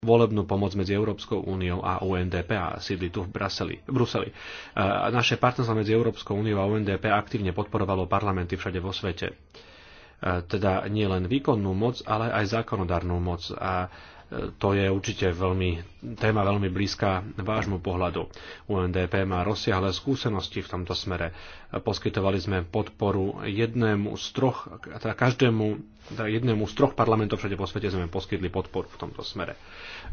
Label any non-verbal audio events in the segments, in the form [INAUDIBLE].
volebnú pomoc medzi Európskou úniou a UNDP a sídli tu v Bruseli. Bruseli. Naše partnerstvo medzi Európskou úniou a UNDP aktívne podporovalo parlamenty všade vo svete. Teda nie len výkonnú moc, ale aj zákonodarnú moc. A to je určite veľmi, téma veľmi blízka vášmu pohľadu. UNDP má rozsiahle skúsenosti v tomto smere. Poskytovali sme podporu jednému z troch, teda každému, teda jednému z troch parlamentov všade vo svete sme poskytli podporu v tomto smere.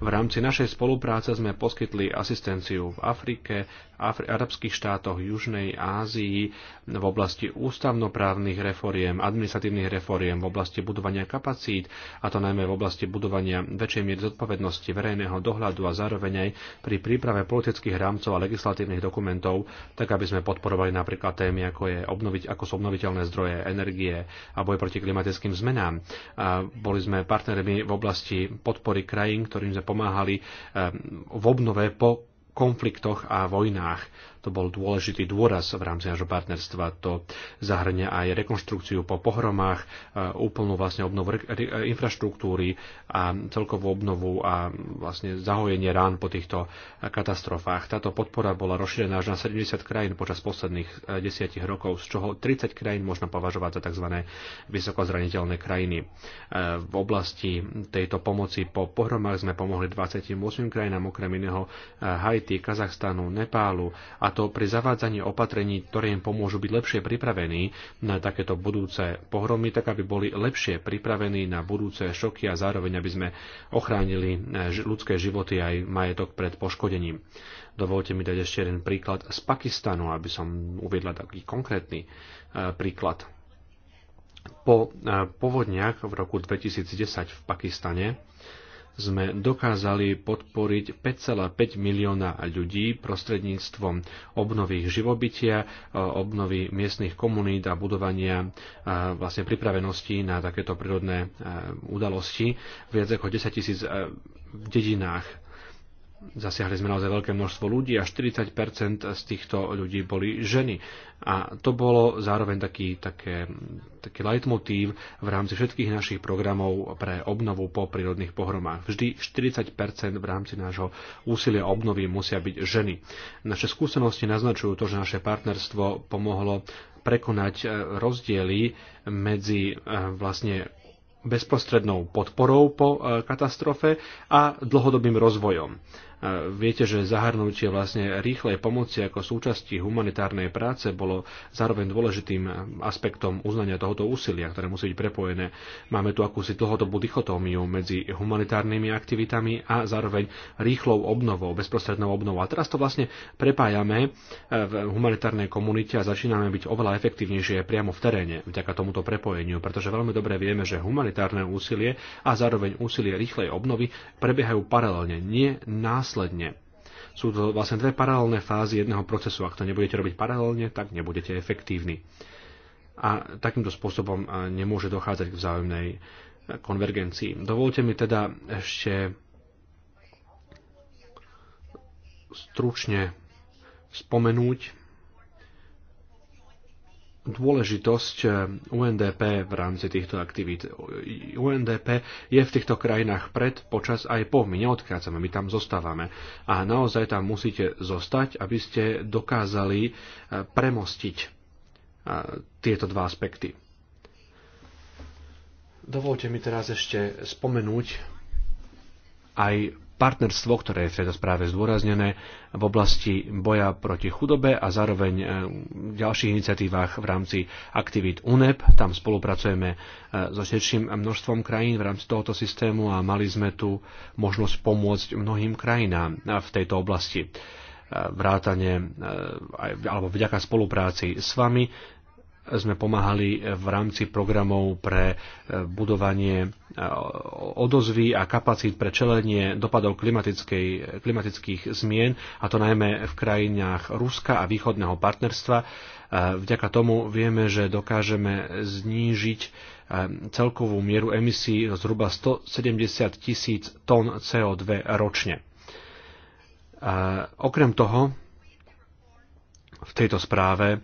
V rámci našej spolupráce sme poskytli asistenciu v Afrike, Afri- arabských štátoch, Južnej Ázii v oblasti ústavnoprávnych reforiem, administratívnych reforiem, v oblasti budovania kapacít, a to najmä v oblasti budovania väčšej miery zodpovednosti verejného dohľadu a zároveň aj pri príprave politických rámcov a legislatívnych dokumentov, tak aby sme podporovali napríklad témy, ako, je obnoviť, ako sú obnoviteľné zdroje energie a boj proti klimatickým zmenám. A boli sme partnermi v oblasti podpory krajín, ktorým sme pomáhali ehm, v obnove po konfliktoch a vojnách. To bol dôležitý dôraz v rámci nášho partnerstva. To zahrňa aj rekonštrukciu po pohromách, e, úplnú vlastne obnovu infraštruktúry a celkovú obnovu a vlastne zahojenie rán po týchto katastrofách. Táto podpora bola rozšírená až na 70 krajín počas posledných e, desiatich rokov, z čoho 30 krajín možno považovať za tzv. vysoko zraniteľné krajiny. E, v oblasti tejto pomoci po pohromách sme pomohli 28 krajinám, okrem iného Haiti, Kazachstanu, Nepálu, a to pri zavádzaní opatrení, ktoré im pomôžu byť lepšie pripravení na takéto budúce pohromy, tak aby boli lepšie pripravení na budúce šoky a zároveň aby sme ochránili eh, ľudské životy aj majetok pred poškodením. Dovolte mi dať ešte jeden príklad z Pakistanu, aby som uviedla taký konkrétny eh, príklad. Po eh, povodniach v roku 2010 v Pakistane sme dokázali podporiť 5,5 milióna ľudí prostredníctvom obnovy živobytia, e, obnovy miestnych komunít a budovania e, vlastne pripravenosti na takéto prírodné e, udalosti. Viac ako 10 tisíc v dedinách Zasiahli sme naozaj veľké množstvo ľudí a 40% z týchto ľudí boli ženy. A to bolo zároveň taký, také, taký leitmotív v rámci všetkých našich programov pre obnovu po prírodných pohromách. Vždy 40% v rámci nášho úsilia obnovy musia byť ženy. Naše skúsenosti naznačujú to, že naše partnerstvo pomohlo prekonať e, rozdiely medzi e, vlastne bezprostrednou podporou po e, katastrofe a dlhodobým rozvojom. Viete, že zahrnutie vlastne rýchlej pomoci ako súčasti humanitárnej práce bolo zároveň dôležitým aspektom uznania tohoto úsilia, ktoré musí byť prepojené. Máme tu akúsi dlhodobú dichotómiu medzi humanitárnymi aktivitami a zároveň rýchlou obnovou, bezprostrednou obnovou. A teraz to vlastne prepájame e, v humanitárnej komunite a začíname byť oveľa efektívnejšie priamo v teréne vďaka tomuto prepojeniu, pretože veľmi dobre vieme, že humanitárne úsilie a zároveň úsilie rýchlej obnovy prebiehajú paralelne, nie nás následne. Sú to vlastne dve paralelné fázy jedného procesu. Ak to nebudete robiť paralelne, tak nebudete efektívni. A takýmto spôsobom nemôže dochádzať k vzájomnej e, konvergencii. Dovolte mi teda ešte stručne spomenúť dôležitosť eh, UNDP v rámci týchto aktivít. UNDP je v týchto krajinách pred, počas aj po. My neodchádzame, my tam zostávame. A naozaj tam musíte zostať, aby ste dokázali eh, premostiť eh, tieto dva aspekty. Dovolte mi teraz ešte spomenúť aj partnerstvo, ktoré je v tejto správe zdôraznené v oblasti boja proti chudobe a zároveň e, v ďalších iniciatívach v rámci aktivít UNEP. Tam spolupracujeme e, so širším množstvom krajín v rámci tohoto systému a mali sme tu možnosť pomôcť mnohým krajinám e, v tejto oblasti vrátane alebo vďaka spolupráci s vami sme pomáhali v rámci programov pre e, budovanie e, odozvy a kapacít pre čelenie dopadov e, klimatických zmien, a to najmä v krajinách Ruska a východného partnerstva. Vďaka tomu vieme, že dokážeme znížiť celkovú mieru emisí zhruba 170 tisíc tón CO2 ročne. Okrem toho, v tejto správe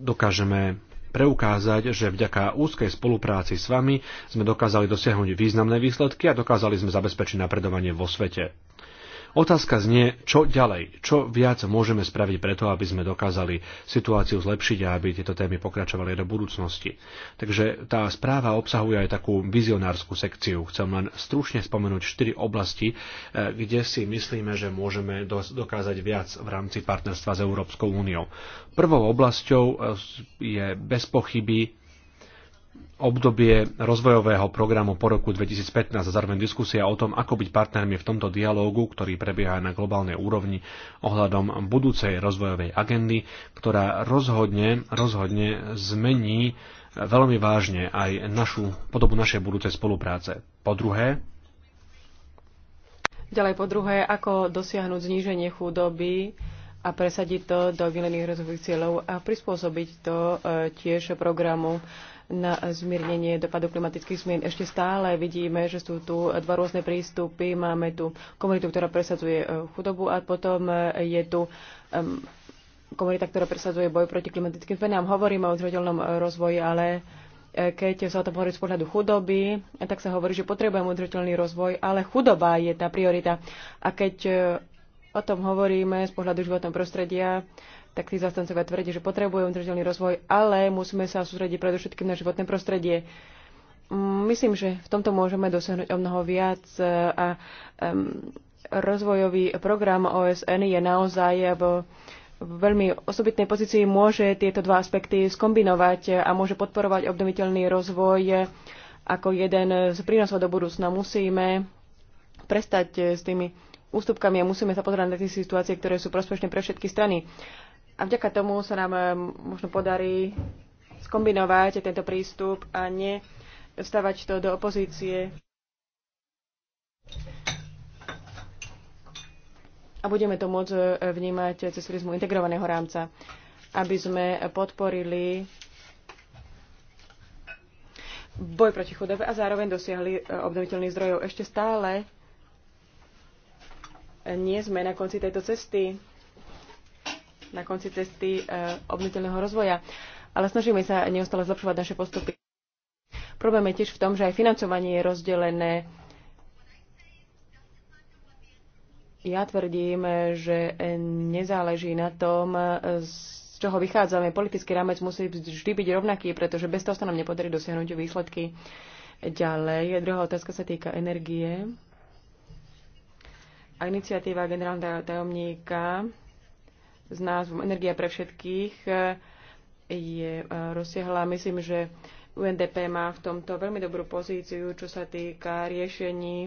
dokážeme preukázať, že vďaka úzkej spolupráci s vami sme dokázali dosiahnuť významné výsledky a dokázali sme zabezpečiť napredovanie vo svete. Otázka znie, čo ďalej, čo viac môžeme spraviť preto, aby sme dokázali situáciu zlepšiť a aby tieto témy pokračovali do budúcnosti. Takže tá správa obsahuje aj takú vizionárskú sekciu. Chcem len stručne spomenúť štyri oblasti, eh, kde si myslíme, že môžeme dokázať viac v rámci partnerstva s Európskou úniou. Prvou oblasťou eh, je bez pochyby obdobie rozvojového programu po roku 2015 a zároveň diskusia o tom, ako byť partnermi v tomto dialógu, ktorý prebieha na globálnej úrovni ohľadom budúcej rozvojovej agendy, ktorá rozhodne, rozhodne zmení veľmi vážne aj našu, podobu našej budúcej spolupráce. Po druhé, Ďalej po druhé, ako dosiahnuť zníženie chudoby a presadiť to do vylených rozvojových cieľov a prispôsobiť to e, tiež programu na zmiernenie dopadu klimatických zmien. Ešte stále vidíme, že sú tu dva rôzne prístupy. Máme tu komunitu, ktorá presadzuje e, chudobu a potom e, je tu komunita, ktorá presadzuje boj proti klimatickým zmenám. Hovoríme o udržateľnom e, rozvoji, ale keď sa o tom hovorí z pohľadu chudoby, tak sa hovorí, že potrebujeme udržateľný rozvoj, ale chudoba je tá priorita. A keď o tom hovoríme z pohľadu životného prostredia, tak tí zastancovia tvrdí, že potrebujú udržateľný rozvoj, ale musíme sa sústrediť predovšetkým na životné prostredie. Mm, myslím, že v tomto môžeme dosiahnuť o mnoho viac e, a rozvojový program OSN je naozaj v veľmi osobitnej pozícii môže tieto dva aspekty skombinovať a môže podporovať obnoviteľný rozvoj ako jeden z prínosov do budúcna. Musíme prestať s tými ústupkami a musíme sa pozerať na tie situácie, ktoré sú prospešné pre všetky strany. A vďaka tomu sa nám eh, možno podarí skombinovať tento prístup a ne to do opozície. A budeme to môcť eh, vnímať cez prízmu integrovaného rámca, aby sme podporili boj proti chudobe a zároveň dosiahli eh, obnoviteľných zdrojov. Ešte stále nie sme na konci tejto cesty na konci cesty e, obnoviteľného rozvoja, ale snažíme sa neustále zlepšovať naše postupy. Problém je tiež v tom, že aj financovanie je rozdelené. Ja tvrdím, že nezáleží na tom, z čoho vychádzame. Politický rámec musí vždy byť rovnaký, pretože bez toho sa nám nepodarí dosiahnuť výsledky. Ďalej, druhá otázka sa týka energie. A iniciatíva generálneho tajomníka s názvom Energia pre všetkých e, je e, rozsiahla. Myslím, že UNDP má v tomto veľmi dobrú pozíciu, čo sa týka riešení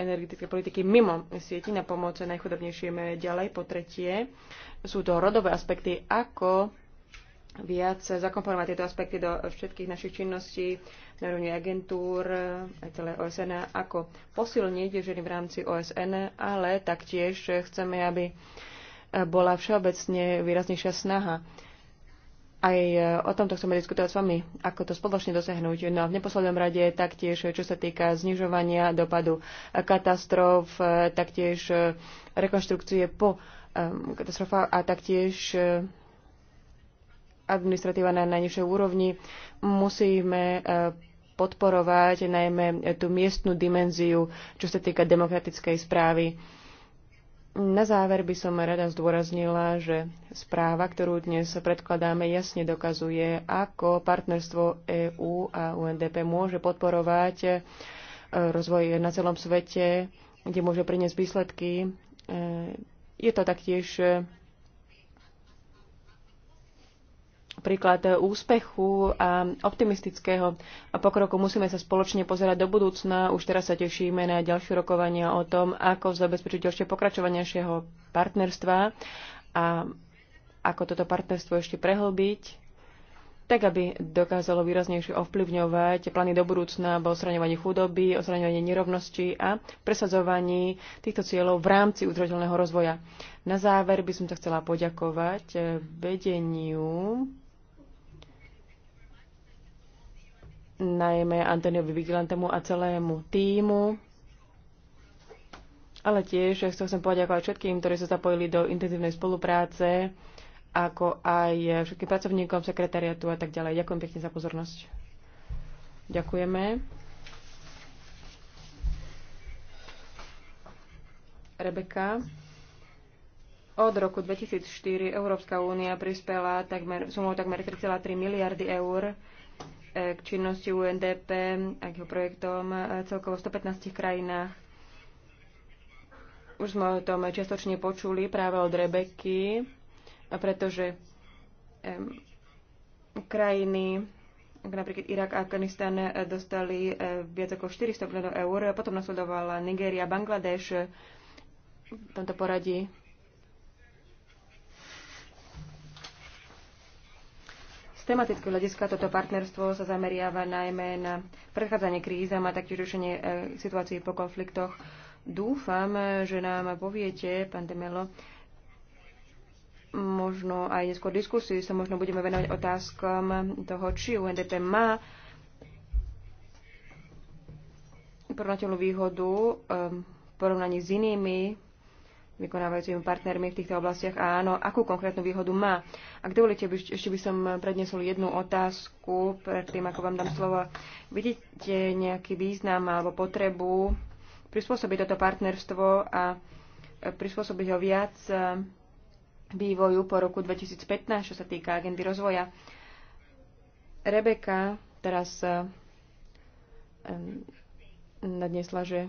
energetické politiky mimo sieti na pomoc najchudobnejším ďalej. Po tretie, sú to rodové aspekty, ako viac zakomponovať tieto aspekty do všetkých našich činností na úrovni agentúr, aj celé OSN, ako posilniť ženy v rámci OSN, ale taktiež chceme, aby bola všeobecne výraznejšia snaha. Aj e, o tomto chceme diskutovať s vami, ako to spoločne dosiahnuť. No a v neposlednom rade taktiež, čo sa týka znižovania dopadu e, katastrof, e, taktiež rekonštrukcie po katastrofách a taktiež administratíva na najnižšej úrovni, musíme podporovať najmä tú miestnu dimenziu, čo sa týka demokratickej správy. Na záver by som rada zdôraznila, že správa, ktorú dnes predkladáme, jasne dokazuje, ako partnerstvo EÚ a UNDP môže podporovať e, rozvoj na celom svete, kde môže priniesť výsledky. E, je to taktiež e, príklad úspechu a optimistického pokroku. Musíme sa spoločne pozerať do budúcna. Už teraz sa tešíme na ďalšie rokovania o tom, ako zabezpečiť ďalšie pokračovanie našeho partnerstva a ako toto partnerstvo ešte prehlbiť tak aby dokázalo výraznejšie ovplyvňovať plány do budúcna o osraňovanie chudoby, osraňovaní nerovnosti a presadzovaní týchto cieľov v rámci udržateľného rozvoja. Na záver by som sa chcela poďakovať eh, vedeniu najmä Antoniovi Vigilantemu a celému týmu. Ale tiež ja som poďakovať všetkým, ktorí sa zapojili do intenzívnej spolupráce, ako aj všetkým pracovníkom sekretariatu a tak ďalej. Ďakujem pekne za pozornosť. Ďakujeme. Rebeka. Od roku 2004 Európska únia prispela takmer, sumou takmer 3,3 miliardy eur E, k činnosti UNDP a k jeho projektom e, celkovo v 115 krajinách. Už sme o tom čiastočne počuli práve od Rebeky, pretože krajiny ako napríklad Irak a Afganistan e, dostali viac ako 400 miliónov eur, potom nasledovala Nigéria, Bangladeš v tomto poradí Z tematického hľadiska toto partnerstvo sa zameriava najmä na predchádzanie krízam a taktiež riešenie e, situácií po konfliktoch. Dúfam, že nám poviete, pán Demelo, možno aj neskôr diskusii sa možno budeme venovať otázkom toho, či UNDP má porovnateľnú výhodu e, v porovnaní s inými vykonávajúcimi partnermi v týchto oblastiach a áno, akú konkrétnu výhodu má. Ak dovolíte, ešte by som prednesol jednu otázku predtým, ako vám dám slovo. Vidíte nejaký význam alebo potrebu prispôsobiť toto partnerstvo a prispôsobiť ho viac vývoju po roku 2015, čo sa týka agendy rozvoja. Rebeka teraz nadnesla, že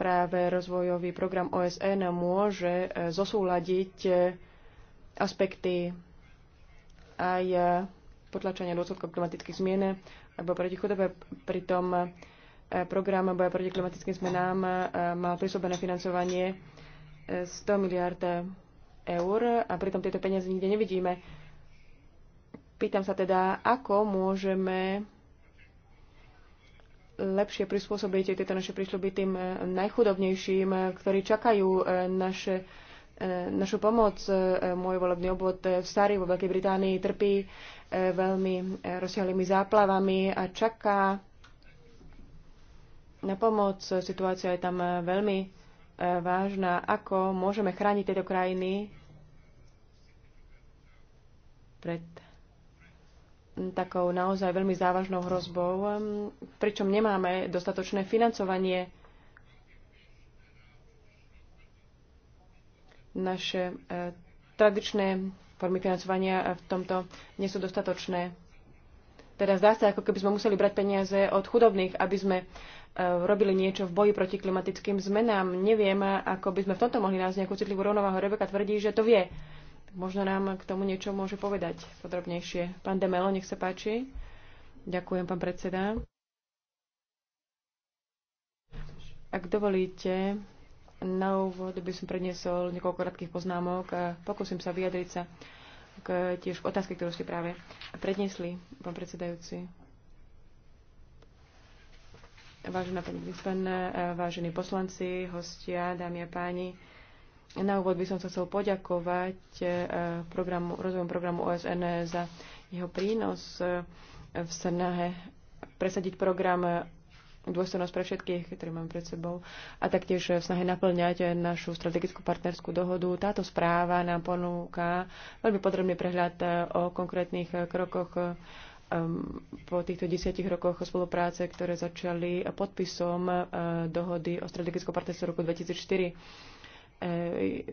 Práve rozvojový program OSN môže e, zosúľadiť e, aspekty aj e, potlačenia dôsledkov klimatických zmien alebo proti chudobe. Pritom program boja proti klimatickým zmenám mal prisúbené financovanie 100 miliard eur a pritom tieto peniaze nikde nevidíme. Pýtam sa teda, ako môžeme lepšie prispôsobiť tieto naše prísľuby tým eh, najchudobnejším, eh, ktorí čakajú eh, naše, našu pomoc. Môj volebný obvod v Starý vo Veľkej Británii trpí veľmi rozsiahlými záplavami a čaká na pomoc. Situácia je tam veľmi vážna. Ako môžeme chrániť tieto krajiny pred takou naozaj veľmi závažnou hrozbou, um, pričom nemáme dostatočné financovanie. Naše e, tradičné formy financovania e, v tomto nie sú dostatočné. Teda zdá sa, ako keby sme museli brať peniaze od chudobných, aby sme e, robili niečo v boji proti klimatickým zmenám. Neviem, ako by sme v tomto mohli nájsť nejakú citlivú rovnováhu. Rebeka tvrdí, že to vie. Možno nám k tomu niečo môže povedať podrobnejšie. Pán Demelo, nech sa páči. Ďakujem, pán predseda. Ak dovolíte, na úvod by som predniesol niekoľko krátkých poznámok a pokúsim sa vyjadriť sa k tiež otázke, ktorú ste práve predniesli, pán predsedajúci. Vážená pani vážení poslanci, hostia, dámy a páni, na úvod by som sa chcel poďakovať eh, programu, rozvojom programu OSN za jeho prínos eh, v snahe presadiť program eh, dôstojnosť pre všetkých, ktorý mám pred sebou, a taktiež v snahe naplňať našu strategickú partnerskú dohodu. Táto správa nám ponúka veľmi podrobný prehľad o konkrétnych krokoch po týchto desiatich rokoch spolupráce, ktoré začali podpisom dohody o strategickom partnerstve roku 2004 E,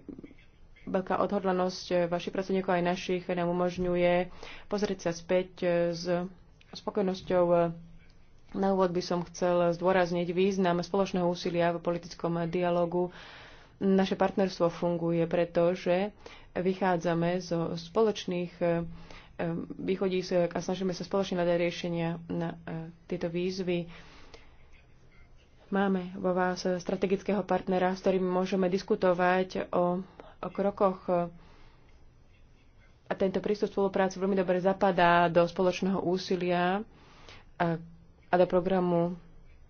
veľká odhodlanosť vašich pracovníkov aj našich nám umožňuje pozrieť sa späť s spokojnosťou. Na úvod by som chcel zdôrazniť význam spoločného úsilia v politickom dialogu. Naše partnerstvo funguje, pretože vychádzame zo spoločných e, východísk a snažíme sa spoločne hľadať riešenia na e, tieto výzvy Máme vo vás strategického partnera, s ktorým môžeme diskutovať o, o krokoch. A tento prístup spolupráce veľmi dobre zapadá do spoločného úsilia a, a do programu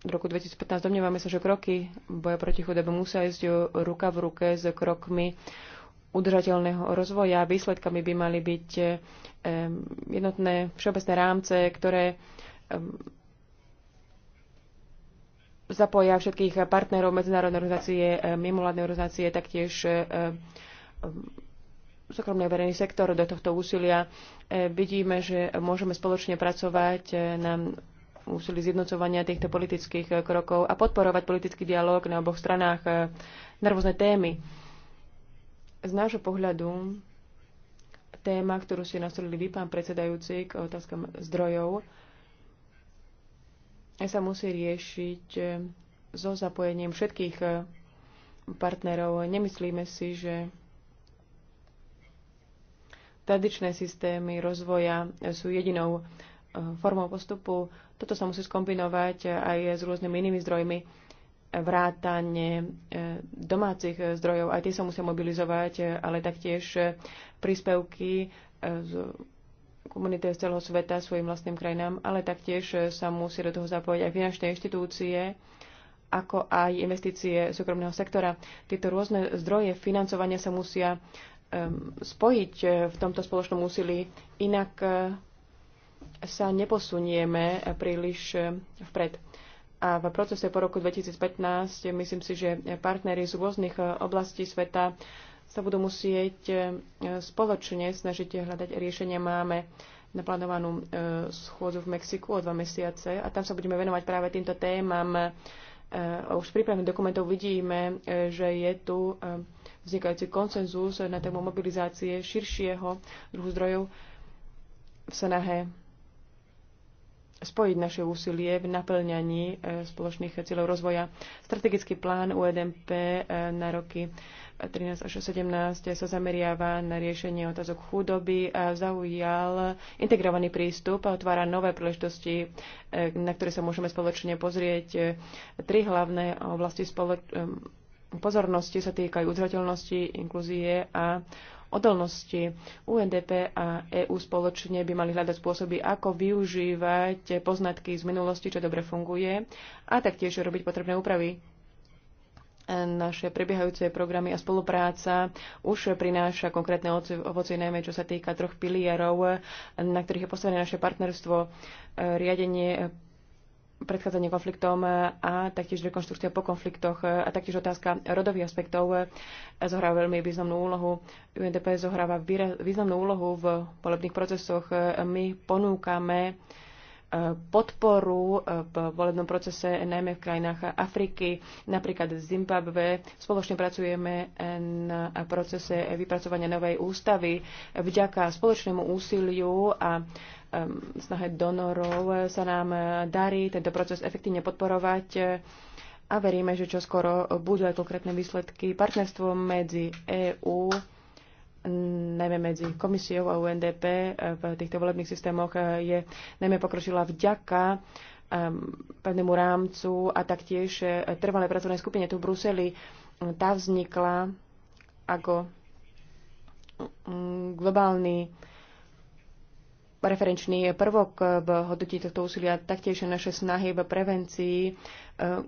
v roku 2015. Domnievame sa, že kroky boja proti chudobe musia ísť ruka v ruke s krokmi udržateľného rozvoja. Výsledkami by mali byť jednotné všeobecné rámce, ktoré zapoja všetkých partnerov, medzinárodné organizácie, e, mimovládne organizácie, taktiež e, e, súkromný a verejný sektor do tohto úsilia. Vidíme, že môžeme spoločne pracovať na úsilí zjednocovania týchto politických krokov a podporovať politický dialog na oboch stranách na rôzne témy. Z nášho pohľadu téma, ktorú si nastolili vy, pán predsedajúci, k otázkam zdrojov, sa musí riešiť eh, so zapojením všetkých eh, partnerov. Nemyslíme si, že tradičné systémy rozvoja eh, sú jedinou formou postupu. Toto sa musí skombinovať aj s rôznymi inými zdrojmi vrátanie domácich zdrojov, aj tie sa musia mobilizovať, ale taktiež príspevky z komunity z celého sveta svojim vlastným krajinám, ale taktiež sa musí do toho zapojiť aj finančné inštitúcie, ako aj investície súkromného sektora. Tieto rôzne zdroje financovania sa musia spojiť eh, v tomto spoločnom úsilí, inak eh, sa neposunieme príliš eh, vpred. A v procese po roku 2015 myslím si, že partnery z rôznych oblastí sveta sa budú musieť e, spoločne snažiť hľadať riešenia. Máme naplánovanú e, schôdzu v Mexiku o dva mesiace a tam sa budeme venovať práve týmto témam. E, už v prípravných dokumentov vidíme, že je tu vznikajúci konsenzus na tému mobilizácie širšieho druhu zdrojov v snahe spojiť naše úsilie v naplňaní e, spoločných cieľov rozvoja. Strategický plán UEDMP e, na roky 13 až 17 sa zameriava na riešenie otázok chudoby a zaujal integrovaný prístup a otvára nové príležitosti, e, na ktoré sa môžeme spoločne pozrieť. Tri hlavné oblasti spoloč- pozornosti sa týkajú udržateľnosti, inklúzie a odolnosti. UNDP a EU spoločne by mali hľadať spôsoby, ako využívať poznatky z minulosti, čo dobre funguje a taktiež robiť potrebné úpravy. Naše prebiehajúce programy a spolupráca už prináša konkrétne ovocie, najmä čo sa týka troch pilierov, na ktorých je postavené naše partnerstvo, riadenie predchádzanie konfliktom a taktiež rekonštrukcia po konfliktoch a taktiež otázka rodových aspektov zohráva veľmi významnú úlohu. UNDP zohráva významnú úlohu v volebných procesoch. My ponúkame e, podporu e, v volebnom procese najmä v krajinách Afriky, napríklad v Zimbabve. Spoločne pracujeme na procese vypracovania novej ústavy. Vďaka spoločnému úsiliu a snahe donorov sa nám darí tento proces efektívne podporovať eh, a veríme, že čo skoro budú aj konkrétne výsledky partnerstvo medzi EÚ, najmä medzi komisiou a UNDP eh, v týchto volebných systémoch eh, je najmä pokročila vďaka pevnému rámcu a taktiež trvalé pracovnej skupine tu v Bruseli. Tá vznikla ako mm, globálny referenčný prvok v hodnotí tohto úsilia. Taktiež naše snahy v prevencii e,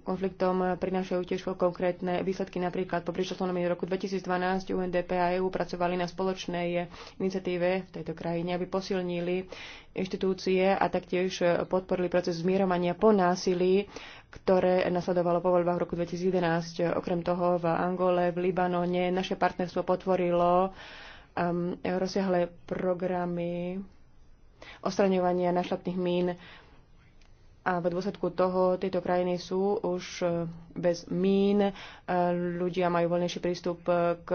konfliktom prinášajú tiež konkrétne výsledky. Napríklad po prišloslonomii roku 2012 UNDP a EU pracovali na spoločnej iniciatíve v tejto krajine, aby posilnili inštitúcie a taktiež podporili proces zmierovania po násilí, ktoré nasledovalo po voľbách v roku 2011. Okrem toho v Angole, v Libanone naše partnerstvo potvorilo um, rozsiahle programy ostraňovania našlapných mín. A v dôsledku toho tieto krajiny sú už e, bez mín, e, ľudia majú voľnejší prístup e, k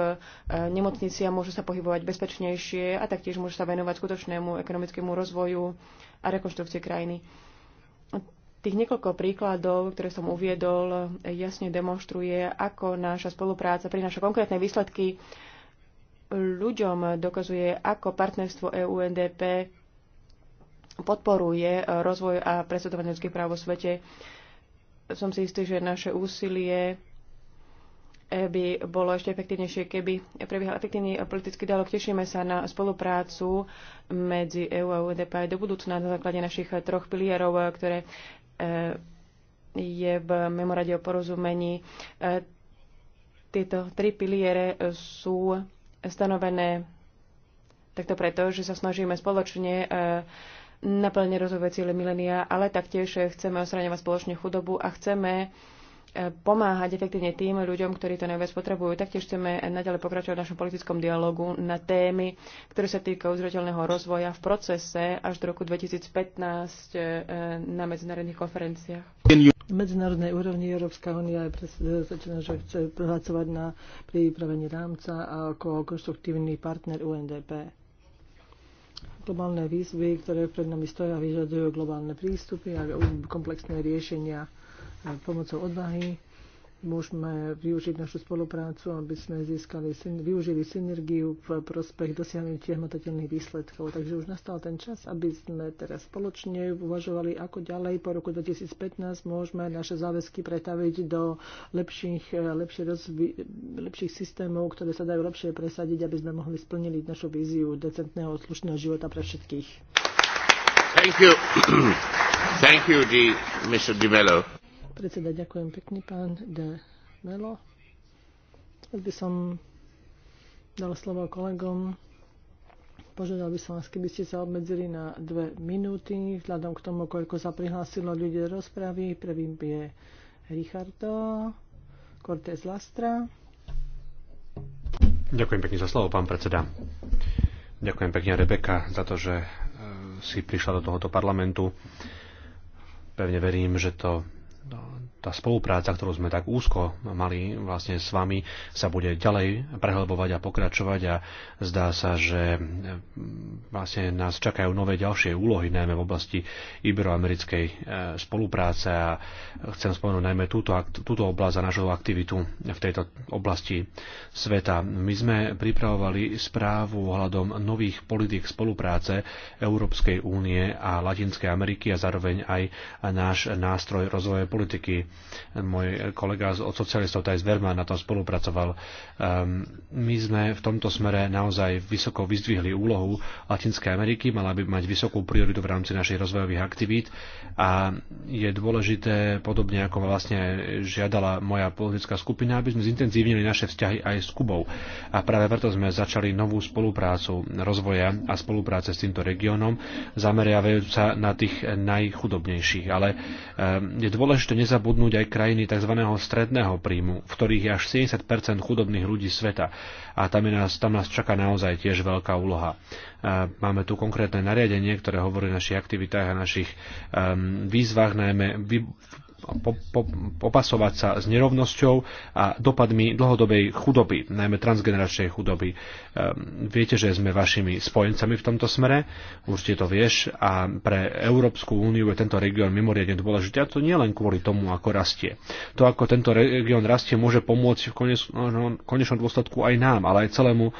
nemocnici a môžu sa pohybovať bezpečnejšie a taktiež môžu sa venovať skutočnému ekonomickému rozvoju a rekonštrukcii krajiny. Tých niekoľko príkladov, ktoré som uviedol, jasne demonstruje, ako naša spolupráca prináša konkrétne výsledky ľuďom, dokazuje, ako partnerstvo EUNDP podporuje e, rozvoj a presadovanie ľudských práv vo svete. Som si istý, že naše úsilie e, by bolo ešte efektívnejšie, keby prebiehal efektívny politický dialog. Tešíme sa na spoluprácu medzi EU a UDP aj do budúcna na základe našich troch pilierov, e, ktoré je v memorade o porozumení. Tieto tri piliere sú stanovené takto preto, že sa snažíme spoločne naplne rozvojové cíle milenia, ale taktiež chceme osraňovať spoločne chudobu a chceme e, pomáhať efektívne tým ľuďom, ktorí to najviac potrebujú. Taktiež chceme naďalej pokračovať v našom politickom dialogu na témy, ktoré sa týkajú udržateľného rozvoja v procese až do roku 2015 e, e, na medzinárodných konferenciách. V medzinárodnej úrovni Európska únia je presvedčená, že chce pracovať na pripravení rámca ako konštruktívny partner UNDP globálne výzvy, ktoré pred nami stoja, vyžadujú globálne prístupy a komplexné riešenia pomocou odvahy môžeme využiť našu spoluprácu, aby sme získali, využili synergiu v prospech dosiahnutia hmatateľných výsledkov. Takže už nastal ten čas, aby sme teraz spoločne uvažovali, ako ďalej po roku 2015 môžeme naše záväzky pretaviť do lepších, lepšie rozvi- lepších systémov, ktoré sa dajú lepšie presadiť, aby sme mohli splniť našu víziu decentného slušného života pre všetkých. Thank you. [CLEARS THROAT] Thank you, Mr. Di Mello. Predseda, ďakujem pekne, pán De Melo. Teraz by som dal slovo kolegom. Požiadal by som vás, keby ste sa obmedzili na dve minúty, vzhľadom k tomu, koľko sa prihlásilo ľudí do rozpravy. Prvým je Richardo Cortés Lastra. Ďakujem pekne za slovo, pán predseda. Ďakujem pekne Rebeka za to, že e, si prišla do tohoto parlamentu. Pevne verím, že to No, tá spolupráca, ktorú sme tak úzko mali vlastne s vami, sa bude ďalej prehlbovať a pokračovať a zdá sa, že e, vlastne nás čakajú nové ďalšie úlohy, najmä v oblasti iberoamerickej e, spolupráce a chcem spomenúť najmä túto, túto oblasť a našu aktivitu v tejto oblasti sveta. My sme pripravovali správu ohľadom nových politik spolupráce Európskej únie a Latinskej Ameriky a zároveň aj náš nástroj rozvoje politiky môj kolega od socialistov, Thijs Verma, na tom spolupracoval. Ehm, my sme v tomto smere naozaj vysoko vyzdvihli úlohu Latinskej Ameriky, mala by mať vysokú prioritu v rámci našich rozvojových aktivít a je dôležité, podobne ako vlastne žiadala moja politická skupina, aby sme zintenzívnili naše vzťahy aj s Kubou. A práve preto sme začali novú spoluprácu rozvoja a spolupráce s týmto regiónom, zameriavajúca na tých najchudobnejších. Ale ehm, je dôležité nezabudnúť dotknúť aj krajiny tzv. stredného príjmu, v ktorých je až 70 chudobných ľudí sveta a tam, je nás, tam nás čaká naozaj tiež veľká úloha. E, máme tu konkrétne nariadenie, ktoré hovorí o našich aktivitách a našich ehm, výzvach, najmä po, po, popasovať sa s nerovnosťou a dopadmi dlhodobej chudoby, najmä transgeneračnej chudoby. Ehm, viete, že sme vašimi spojencami v tomto smere, určite to vieš, a pre Európsku úniu je tento región mimoriadne dôležitý. A to nie len kvôli tomu, ako rastie. To, ako tento región rastie, môže pomôcť v konečnom dôsledku aj nám, ale aj celému e,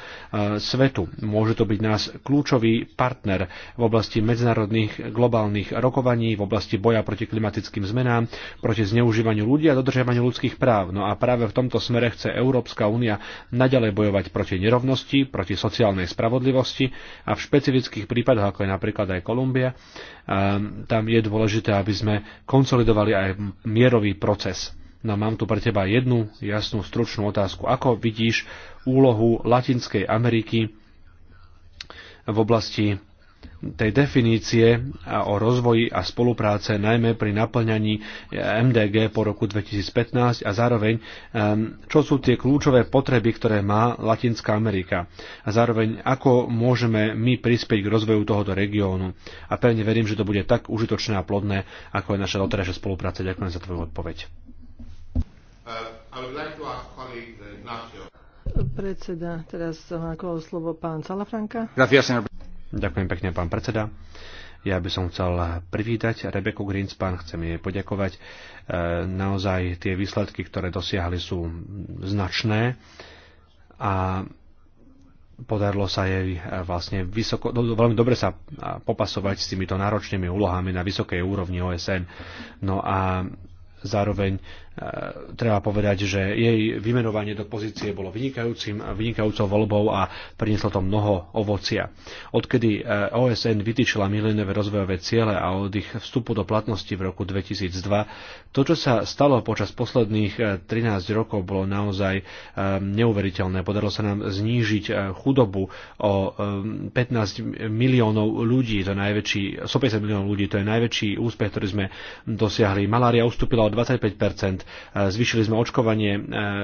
svetu. Môže to byť nás kľúčový partner v oblasti medzinárodných globálnych rokovaní, v oblasti boja proti klimatickým zmenám, proti zneužívaniu ľudí a dodržiavaniu ľudských práv. No a práve v tomto smere chce Európska únia naďalej bojovať proti nerovnosti, proti sociálnej spravodlivosti a v špecifických prípadoch, ako je napríklad aj Kolumbia, ehm, tam je dôležité, aby sme konsolidovali aj mierový proces. No mám tu pre teba jednu jasnú stručnú otázku. Ako vidíš úlohu Latinskej Ameriky v oblasti tej definície a o rozvoji a spolupráce najmä pri naplňaní eh, MDG po roku 2015 a zároveň ehm, čo sú tie kľúčové potreby, ktoré má Latinská Amerika a zároveň ako môžeme my prispieť k rozvoju tohoto regiónu. A pevne verím, že to bude tak užitočné a plodné, ako je naša doterajšia spolupráca. Ďakujem za tvoju odpoveď. Uh, like uh, Predseda, teraz má slovo pán Salafranka. Gracias, señor Ďakujem pekne, pán predseda. Ja by som chcel privítať Rebeku Greenspan, chcem jej poďakovať. E, naozaj tie výsledky, ktoré dosiahli, sú značné a podarilo sa jej vlastne vysoko, veľmi dobre sa popasovať s týmito náročnými úlohami na vysokej úrovni OSN. No a Zároveň e, treba povedať, že jej vymenovanie do pozície bolo vynikajúcim, vynikajúcou voľbou a prinieslo to mnoho ovocia. Odkedy e, OSN vytýčila milénové rozvojové ciele a od ich vstupu do platnosti v roku 2002, to, čo sa stalo počas posledných 13 e, rokov, bolo naozaj neuveriteľné. Podarilo sa nám znížiť chudobu o 15 miliónov ľudí, to najväčší, 150 miliónov ľudí, to je najväčší úspech, ktorý sme dosiahli. Malária ustúpila o 25 e, Zvyšili sme očkovanie e,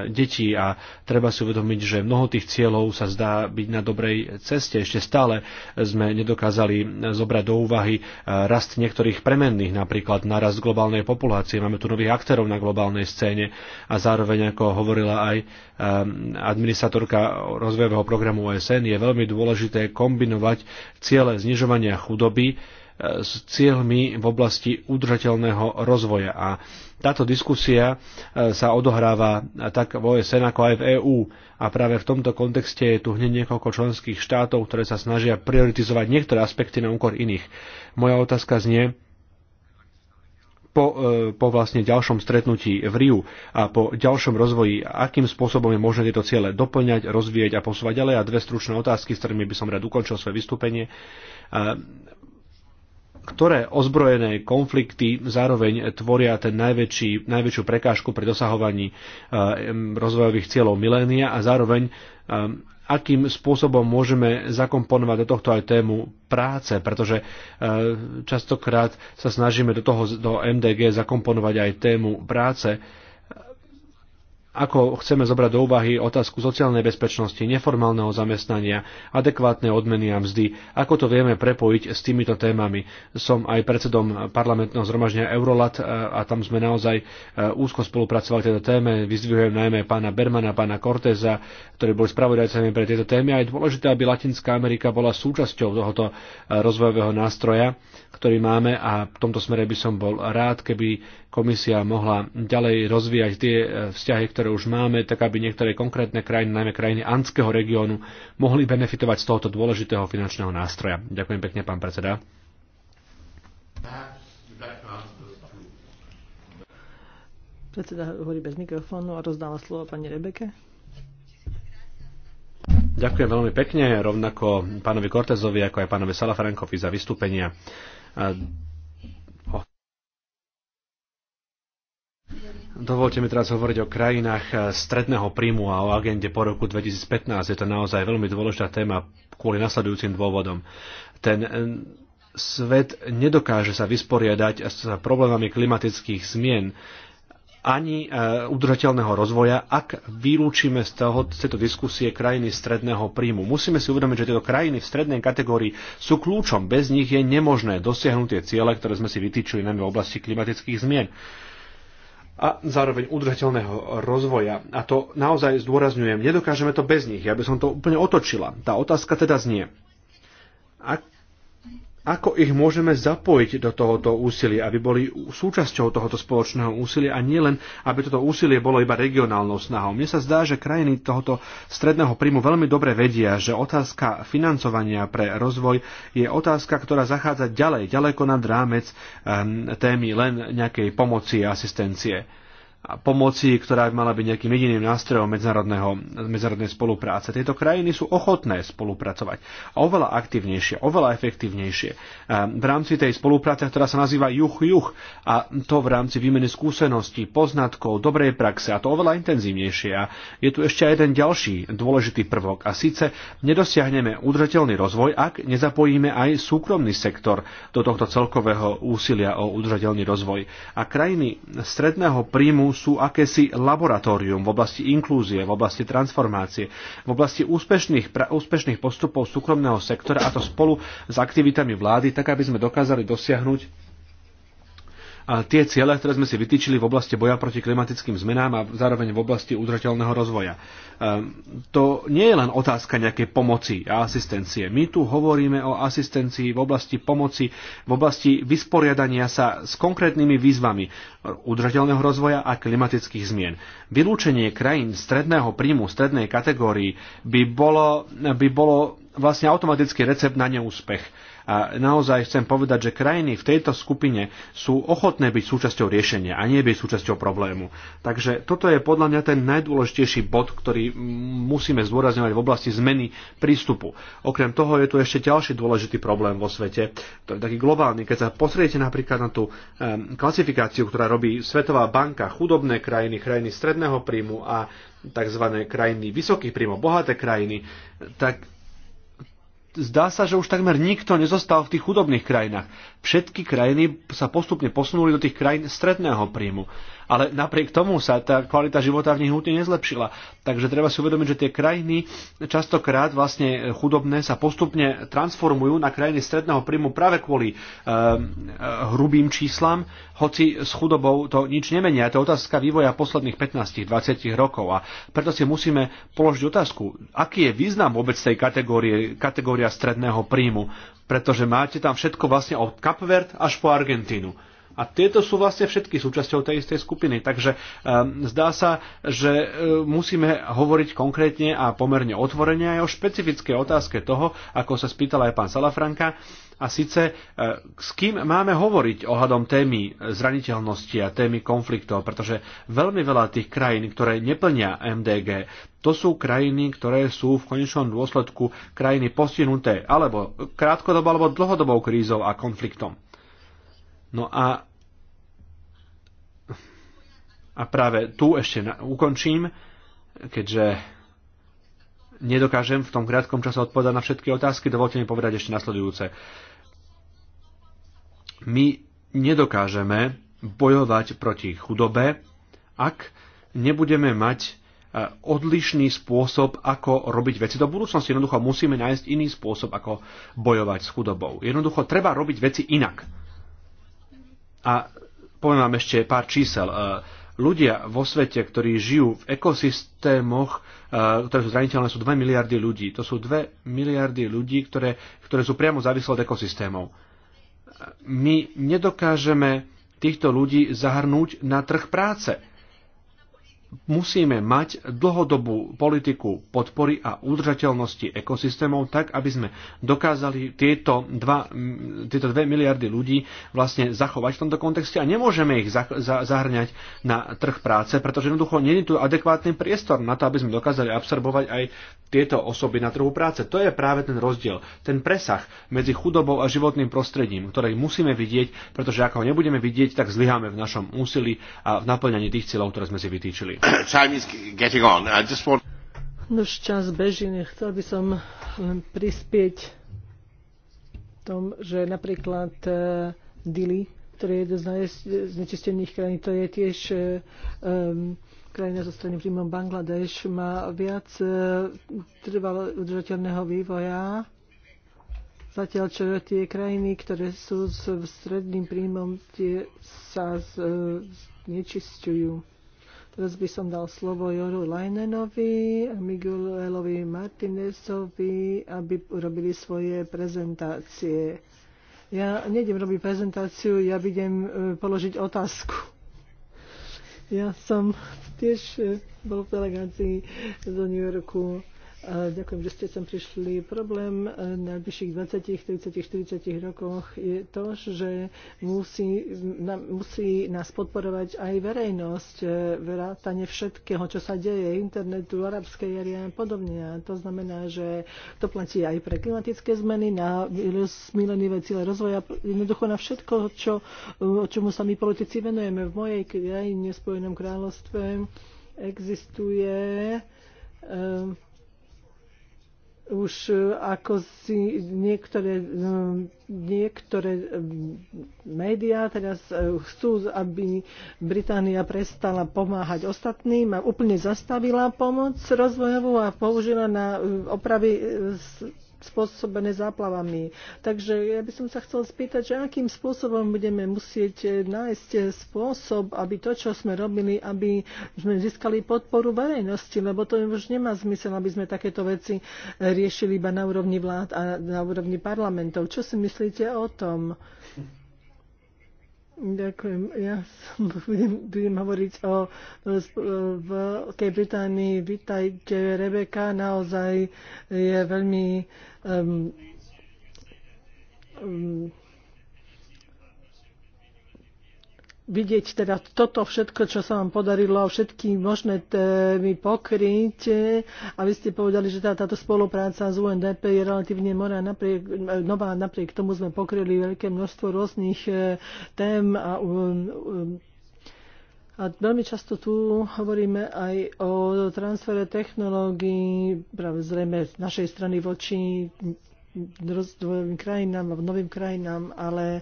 detí a treba si uvedomiť, že mnoho tých cieľov sa zdá byť na dobrej ceste. Ešte stále sme nedokázali zobrať do úvahy e, rast niektorých premenných, napríklad narast globálnej populácie. Máme tu nových aktérov na globálnej scéne a zároveň, ako hovorila aj administratorka rozvojového programu OSN, je veľmi dôležité kombinovať ciele znižovania chudoby s cieľmi v oblasti udržateľného rozvoja. A táto diskusia e, sa odohráva tak v OSN ako aj v EÚ a práve v tomto kontexte je tu hneď niekoľko členských štátov, ktoré sa snažia prioritizovať niektoré aspekty na úkor iných. Moja otázka znie, po, e, po vlastne ďalšom stretnutí v Riu a po ďalšom rozvoji, akým spôsobom je možné tieto ciele doplňať, rozvíjať a posúvať ďalej. A dve stručné otázky, s ktorými by som rád ukončil svoje vystúpenie. E, ktoré ozbrojené konflikty zároveň tvoria ten najväčší, najväčšiu prekážku pri dosahovaní eh, rozvojových cieľov milénia a zároveň eh, akým spôsobom môžeme zakomponovať do tohto aj tému práce, pretože eh, častokrát sa snažíme do toho do MDG zakomponovať aj tému práce, ako chceme zobrať do úvahy otázku sociálnej bezpečnosti, neformálneho zamestnania, adekvátne odmeny a mzdy, ako to vieme prepojiť s týmito témami. Som aj predsedom parlamentného zhromaždenia Eurolat e, a tam sme naozaj e, úzko spolupracovali tejto téme. Vyzdvihujem najmä pána Bermana, pána Corteza, ktorí boli spravodajcami pre tieto témy. A je dôležité, aby Latinská Amerika bola súčasťou tohoto e, rozvojového nástroja, ktorý máme a v tomto smere by som bol rád, keby komisia mohla ďalej rozvíjať tie vzťahy, ktoré ktoré už máme, tak aby niektoré konkrétne krajiny, najmä krajiny Andského regiónu, mohli benefitovať z tohoto dôležitého finančného nástroja. Ďakujem pekne, pán predseda. Predseda hovorí bez mikrofónu a rozdáva slovo pani Rebeke. Ďakujem veľmi pekne, rovnako pánovi Kortezovi, ako aj pánovi Salafrankovi za vystúpenia. Dovolte mi teraz hovoriť o krajinách eh, stredného príjmu a o agende po roku 2015. Je to naozaj veľmi dôležitá téma kvôli nasledujúcim dôvodom. Ten eh, svet nedokáže sa vysporiadať s problémami klimatických zmien ani eh, udržateľného rozvoja, ak vylúčime z, toho, z tejto diskusie krajiny stredného príjmu. Musíme si uvedomiť, že tieto krajiny v strednej kategórii sú kľúčom. Bez nich je nemožné dosiahnuť tie ciele, ktoré sme si vytýčili najmä v oblasti klimatických zmien a zároveň udržateľného rozvoja. A to naozaj zdôrazňujem, nedokážeme to bez nich. Ja by som to úplne otočila. Tá otázka teda znie. Ak ako ich môžeme zapojiť do tohoto úsilia, aby boli súčasťou tohoto spoločného úsilia a nie len, aby toto úsilie bolo iba regionálnou snahou. Mne sa zdá, že krajiny tohoto stredného príjmu veľmi dobre vedia, že otázka financovania pre rozvoj je otázka, ktorá zachádza ďalej, ďaleko nad rámec um, témy len nejakej pomoci a asistencie pomoci, ktorá by mala byť nejakým jediným nástrojom medzinárodnej spolupráce. Tieto krajiny sú ochotné spolupracovať a oveľa aktívnejšie, oveľa efektívnejšie e, v rámci tej spolupráce, ktorá sa nazýva juh-juh a to v rámci výmeny skúseností, poznatkov, dobrej praxe a to oveľa intenzívnejšie. A je tu ešte jeden ďalší dôležitý prvok a síce nedosiahneme udržateľný rozvoj, ak nezapojíme aj súkromný sektor do tohto celkového úsilia o udržateľný rozvoj. A krajiny stredného príjmu sú akési laboratórium v oblasti inklúzie, v oblasti transformácie, v oblasti úspešných, pra, úspešných postupov súkromného sektora a to spolu s aktivitami vlády, tak aby sme dokázali dosiahnuť tie ciele, ktoré sme si vytýčili v oblasti boja proti klimatickým zmenám a zároveň v oblasti udržateľného rozvoja. Ehm, to nie je len otázka nejakej pomoci a asistencie. My tu hovoríme o asistencii v oblasti pomoci, v oblasti vysporiadania sa s konkrétnymi výzvami udržateľného rozvoja a klimatických zmien. Vylúčenie krajín stredného príjmu, strednej kategórii by bolo, by bolo vlastne automatický recept na neúspech a naozaj chcem povedať, že krajiny v tejto skupine sú ochotné byť súčasťou riešenia a nie byť súčasťou problému. Takže toto je podľa mňa ten najdôležitejší bod, ktorý musíme zdôrazňovať v oblasti zmeny prístupu. Okrem toho je tu ešte ďalší dôležitý problém vo svete, to je taký globálny. Keď sa pozriete napríklad na tú um, klasifikáciu, ktorá robí Svetová banka, chudobné krajiny, krajiny stredného príjmu a tzv. krajiny vysokých príjmov, bohaté krajiny, tak zdá sa, že už takmer nikto nezostal v tých chudobných krajinách. Všetky krajiny sa postupne posunuli do tých krajín stredného príjmu ale napriek tomu sa tá kvalita života v nich nutne nezlepšila. Takže treba si uvedomiť, že tie krajiny častokrát vlastne chudobné sa postupne transformujú na krajiny stredného príjmu práve kvôli e, e, hrubým číslam, hoci s chudobou to nič nemenia. To je otázka vývoja posledných 15-20 rokov a preto si musíme položiť otázku, aký je význam vôbec tej kategórie, kategória stredného príjmu, pretože máte tam všetko vlastne od Kapvert až po Argentínu a tieto sú vlastne všetky súčasťou tej istej skupiny. Takže um, zdá sa, že um, musíme hovoriť konkrétne a pomerne otvorene aj o špecifické otázke toho, ako sa spýtal aj pán Salafranka, a síce e, s kým máme hovoriť ohľadom témy zraniteľnosti a témy konfliktov, pretože veľmi veľa tých krajín, ktoré neplnia MDG, to sú krajiny, ktoré sú v konečnom dôsledku krajiny postihnuté alebo krátkodobou alebo dlhodobou krízou a konfliktom. No a a práve tu ešte na, ukončím, keďže nedokážem v tom krátkom čase odpovedať na všetky otázky, dovolte mi povedať ešte nasledujúce. My nedokážeme bojovať proti chudobe, ak nebudeme mať e, odlišný spôsob, ako robiť veci do budúcnosti. Jednoducho musíme nájsť iný spôsob, ako bojovať s chudobou. Jednoducho treba robiť veci inak. A poviem vám ešte pár čísel. Uh, ľudia vo svete, ktorí žijú v ekosystémoch, eh, ktoré sú zraniteľné, sú 2 miliardy ľudí. To sú 2 miliardy ľudí, ktoré, ktoré sú priamo závislé od ekosystémov. My nedokážeme týchto ľudí zahrnúť na trh práce musíme mať dlhodobú politiku podpory a udržateľnosti ekosystémov tak, aby sme dokázali tieto, dva, tieto dve miliardy ľudí vlastne zachovať v tomto kontexte a nemôžeme ich za, za, zahrňať na trh práce, pretože jednoducho nie je tu adekvátny priestor na to, aby sme dokázali absorbovať aj tieto osoby na trhu práce. To je práve ten rozdiel, ten presah medzi chudobou a životným prostredím, ktorý musíme vidieť, pretože ako ho nebudeme vidieť, tak zlyháme v našom úsilí a v naplňaní tých cieľov, ktoré sme si vytýčili. [COUGHS] time is getting on. I just want... Nož čas beží, nechcel by som len prispieť tom, že napríklad uh, Dili, ktoré je jedno z najznečistených krajín, to je tiež um, krajina zo strany príjmom Bangladeš, má viac uh, trvalo udržateľného vývoja. Zatiaľ, čo tie krajiny, ktoré sú s stredným príjmom, tie sa z, znečisťujú. Teraz by som dal slovo Joru Lajnenovi a Miguelovi Martinezovi, aby robili svoje prezentácie. Ja nejdem robiť prezentáciu, ja budem e, položiť otázku. Ja som tiež e, bol v delegácii do New Yorku Ďakujem, že ste sem prišli. Problém e, najbližších 20, 30, 40 rokoch je to, že musí, na, musí nás podporovať aj verejnosť, e, vrátane všetkého, čo sa deje, internetu, arabskej jary a podobne. A to znamená, že to platí aj pre klimatické zmeny, na milenivé cíle rozvoja, jednoducho na všetko, čo, o e, čomu sa my politici venujeme. V mojej krajine, Spojenom kráľovstve, existuje um, už e, ako si niektoré, e, niektoré e, médiá teraz chcú, aby Británia prestala pomáhať ostatným a úplne zastavila pomoc rozvojovú a použila na opravy spôsobené záplavami. Takže ja by som sa chcel spýtať, že akým spôsobom budeme musieť eh, nájsť eh, spôsob, aby to, čo sme robili, aby sme získali podporu verejnosti, lebo to už nemá zmysel, aby sme takéto veci eh, riešili iba na úrovni vlád a na úrovni parlamentov. Čo si myslíte o tom? Ďakujem. Ja som, [LAUGHS] budem, budem hovoriť o Veľkej Británii. Vítajte, Rebeka. Naozaj je veľmi um, um, vidieť teda toto všetko, čo sa vám podarilo a všetky možné témy pokryť. A vy ste povedali, že tá, táto spolupráca s UNDP je relatívne nová, napriek, nová. Napriek tomu sme pokryli veľké množstvo rôznych e, tém a um, um, a veľmi často tu hovoríme aj o transfere technológií, práve zrejme z našej strany voči rozvojovým krajinám alebo novým krajinám, ale e,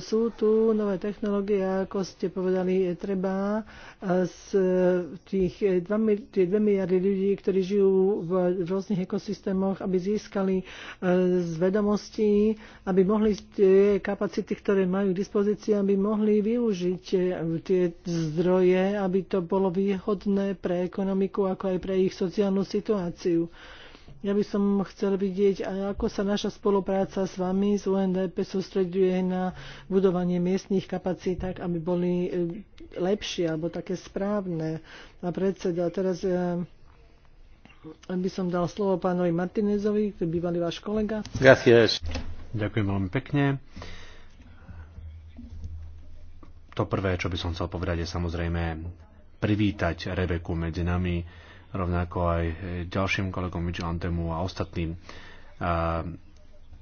sú tu nové technológie, ako ste povedali, je treba z e, e, tých 2, tie 2 miliardy ľudí, ktorí žijú v rôznych ekosystémoch, aby získali zvedomosti, aby mohli tie kapacity, ktoré majú k dispozícii, aby mohli využiť tie zdroje, aby to bolo výhodné pre ekonomiku, ako aj pre ich sociálnu situáciu. Ja by som chcel vidieť, ako sa naša spolupráca s vami, z UNDP, sústreduje na budovanie miestných kapacít tak, aby boli e, lepšie alebo také správne. A predseda, teraz e, by som dal slovo pánovi Martinezovi, ktorý bývalý váš kolega. Gracias. Ďakujem veľmi pekne. To prvé, čo by som chcel povedať, je samozrejme privítať Rebeku medzi nami rovnako aj e, ďalším kolegom Vigilantemu a ostatným. A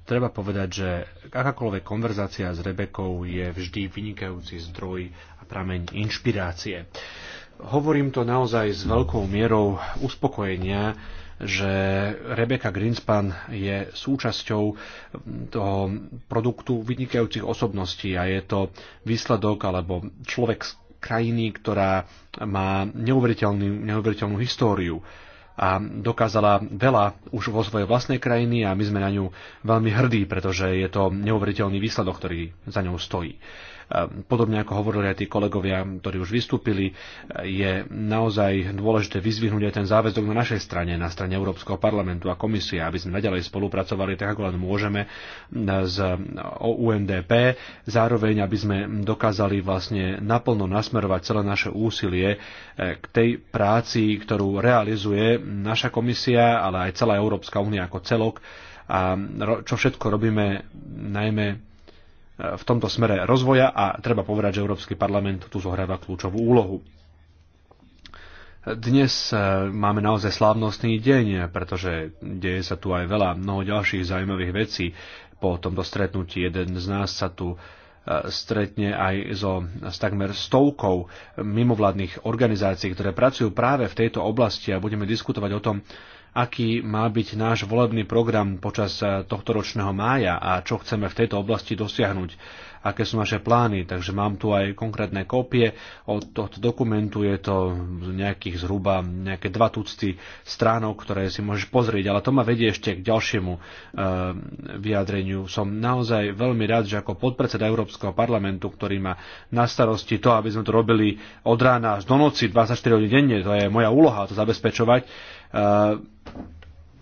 treba povedať, že akákoľvek konverzácia s Rebekou je vždy vynikajúci zdroj a prameň inšpirácie. Hovorím to naozaj s veľkou mierou uspokojenia, že Rebecca Greenspan je súčasťou toho produktu vynikajúcich osobností a je to výsledok alebo človek, krajiny, ktorá má neuveriteľnú, neuveriteľnú históriu a dokázala veľa už vo svojej vlastnej krajiny a my sme na ňu veľmi hrdí, pretože je to neuveriteľný výsledok, ktorý za ňou stojí. Podobne ako hovorili aj tí kolegovia, ktorí už vystúpili, je naozaj dôležité vyzvihnúť aj ten záväzok na našej strane, na strane Európskeho parlamentu a komisie, aby sme naďalej spolupracovali tak, ako len môžeme z UNDP, zároveň aby sme dokázali vlastne naplno nasmerovať celé naše úsilie eh, k tej práci, ktorú realizuje naša komisia, ale aj celá Európska únia ako celok a čo všetko robíme najmä v tomto smere rozvoja a treba povedať, že Európsky parlament tu zohráva kľúčovú úlohu. Dnes e, máme naozaj slávnostný deň, pretože deje sa tu aj veľa mnoho ďalších zaujímavých vecí po tomto stretnutí. Jeden z nás sa tu e, stretne aj so, s takmer stovkou mimovládnych organizácií, ktoré pracujú práve v tejto oblasti a budeme diskutovať o tom, aký má byť náš volebný program počas eh, tohto ročného mája a čo chceme v tejto oblasti dosiahnuť, aké sú naše plány. Takže mám tu aj konkrétne kópie od tohto dokumentu, je to nejakých zhruba nejaké dva tucty stránok, ktoré si môžeš pozrieť, ale to ma vedie ešte k ďalšiemu e, vyjadreniu. Som naozaj veľmi rád, že ako podpredseda Európskeho parlamentu, ktorý má na starosti to, aby sme to robili od rána až do noci, 24 hodín denne, to je moja úloha to zabezpečovať, eh,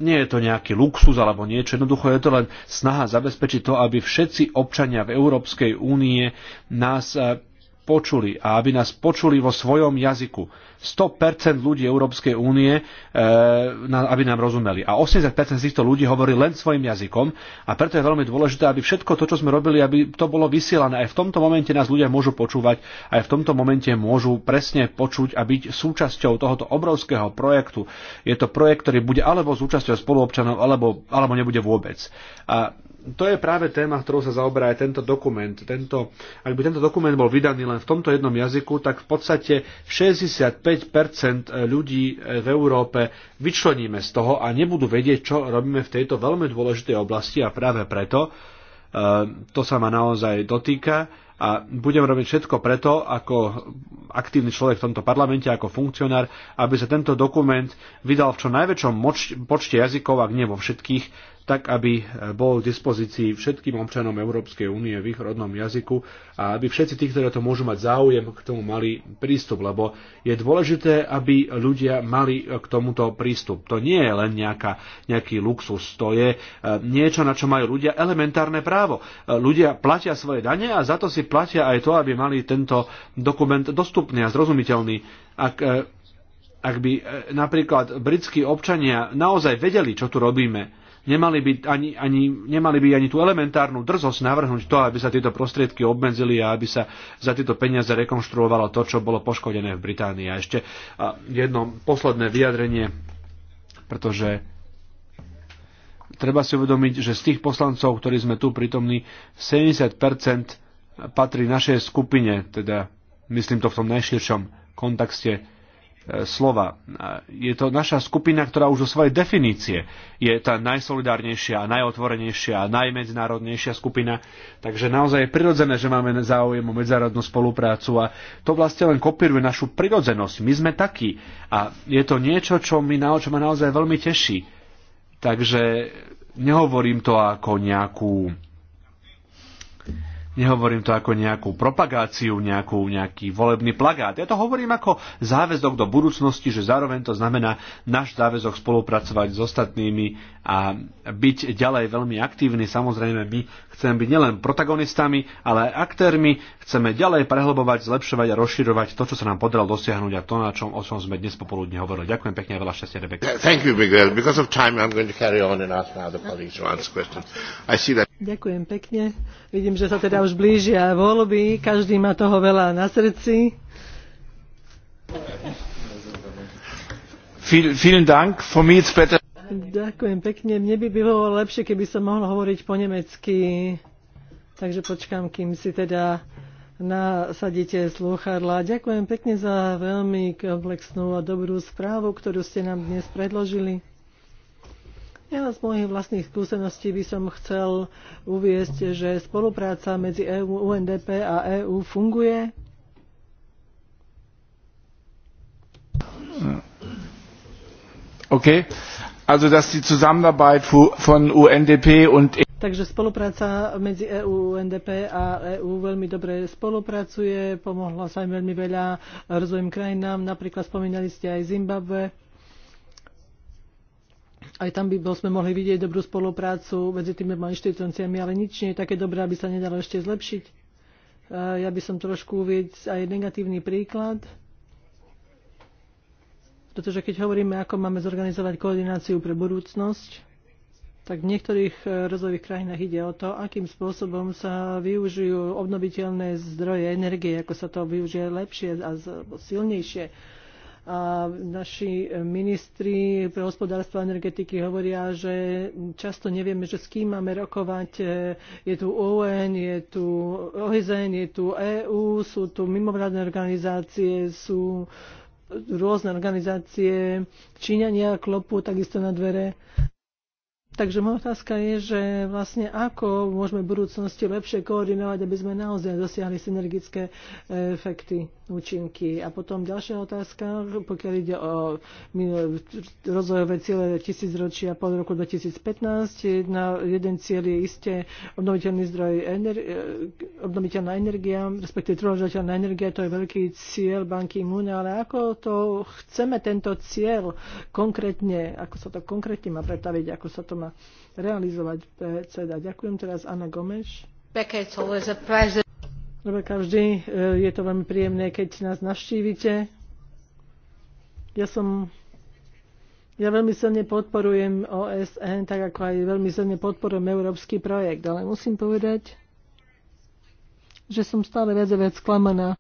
nie je to nejaký luxus alebo niečo, jednoducho je to len snaha zabezpečiť to, aby všetci občania v Európskej únie nás eh, počuli a aby nás počuli vo svojom jazyku. 100% ľudí Európskej únie, e, aby nám rozumeli. A 80% z týchto ľudí hovorí len svojim jazykom a preto je veľmi dôležité, aby všetko to, čo sme robili, aby to bolo vysielané. Aj v tomto momente nás ľudia môžu počúvať, aj v tomto momente môžu presne počuť a byť súčasťou tohoto obrovského projektu. Je to projekt, ktorý bude alebo súčasťou spoluobčanov, alebo, alebo nebude vôbec. A to je práve téma, ktorou sa zaoberá aj tento dokument. Tento, ak by tento dokument bol vydaný len v tomto jednom jazyku, tak v podstate 65% ľudí v Európe vyčleníme z toho a nebudú vedieť, čo robíme v tejto veľmi dôležitej oblasti a práve preto e, to sa ma naozaj dotýka a budem robiť všetko preto, ako aktívny človek v tomto parlamente, ako funkcionár, aby sa tento dokument vydal v čo najväčšom počte jazykov, ak nie vo všetkých, tak aby e, bol k dispozícii všetkým občanom Európskej únie v ich rodnom jazyku a aby všetci tí, ktorí to môžu mať záujem, k tomu mali prístup, lebo je dôležité, aby ľudia mali e, k tomuto prístup. To nie je len nejaká, nejaký luxus, to je e, niečo, na čo majú ľudia elementárne právo. Ľudia platia svoje dane a za to si platia aj to, aby mali tento dokument dostupný a zrozumiteľný. Ak ak by napríklad britskí občania naozaj vedeli, čo tu robíme, nemali by ani, ani, nemali by ani tú elementárnu drzosť navrhnúť to, aby sa tieto prostriedky obmedzili a aby sa za tieto peniaze rekonštruovalo to, čo bolo poškodené v Británii. A ešte jedno posledné vyjadrenie, pretože treba si uvedomiť, že z tých poslancov, ktorí sme tu prítomní, 70% patrí našej skupine, teda myslím to v tom najširšom kontexte E, slova. E, je to naša skupina, ktorá už zo svojej definície je tá najsolidárnejšia, najotvorenejšia, a najmedzinárodnejšia skupina. Takže naozaj je prirodzené, že máme záujem o medzinárodnú spoluprácu a to vlastne len kopíruje našu prirodzenosť. My sme takí a je to niečo, čo, mi, na, čo ma naozaj veľmi teší. Takže nehovorím to ako nejakú Nehovorím to ako nejakú propagáciu, nejakú, nejaký volebný plagát. Ja to hovorím ako záväzok do budúcnosti, že zároveň to znamená náš záväzok spolupracovať s ostatnými a byť ďalej veľmi aktívny. Samozrejme, my chceme byť nielen protagonistami, ale aj aktérmi. Chceme ďalej prehlbovať, zlepšovať a rozširovať to, čo sa nám podarilo dosiahnuť a to, na čom, o čom sme dnes popoludne hovorili. Ďakujem pekne a veľa šťastia, Rebeka. Thank you, Because of time, I'm going to carry on and ask now the colleagues to answer questions. I see that Ďakujem pekne. Vidím, že sa teda už blížia voľby. Každý má toho veľa na srdci. Vielen Dank. Von mir Ďakujem pekne. Mne by bolo lepšie, keby som mohol hovoriť po nemecky. Takže počkám, kým si teda nasadíte slúchadla. Ďakujem pekne za veľmi komplexnú a dobrú správu, ktorú ste nám dnes predložili. Ja z mojich vlastných skúseností by som chcel uviesť, že spolupráca medzi EU, UNDP a EU funguje. OK. Also, dass die Zusammenarbeit von UNDP und e Takže spolupráca medzi EU, UNDP a EU veľmi dobre spolupracuje, pomohla sa im veľmi veľa rozvojím krajinám, napríklad spomínali ste aj Zimbabwe aj tam by sme mohli vidieť dobrú spoluprácu medzi tými inštitúciami, ale nič nie je také dobré, aby sa nedalo ešte zlepšiť. Ja by som trošku uviedť aj negatívny príklad, pretože keď hovoríme, ako máme zorganizovať koordináciu pre budúcnosť, tak v niektorých e, rozvojových krajinách ide o to, akým spôsobom sa využijú obnoviteľné zdroje energie, ako sa to využije lepšie a silnejšie a naši ministri pre hospodárstvo a energetiky hovoria, že často nevieme, že s kým máme rokovať. E, je tu ON, je tu OSN, je tu EU, sú tu mimovládne organizácie, sú rôzne organizácie. Číňania klopu takisto na dvere. Takže moja otázka je, že vlastne ako môžeme v budúcnosti lepšie koordinovať, aby sme naozaj dosiahli synergické e, efekty účinky. A potom ďalšia otázka, pokiaľ ide o rozvojové ciele tisícročia pol roku 2015, jedna, jeden cieľ je isté obnoviteľný zdroj ener- obnoviteľná energia, respektíve trojžateľná energia, to je veľký cieľ banky Múna, ale ako to chceme tento cieľ konkrétne, ako sa to konkrétne má pretaviť, ako sa to má realizovať PCD. Ďakujem teraz Anna Gomeš. Becca, it's always a pleasure. Dobre, vždy eh, je to veľmi príjemné, keď nás navštívite. Ja som ja veľmi silne podporujem OSN, tak ako aj veľmi silne podporujem európsky projekt, ale musím povedať, že som stále viac a viac sklamaná.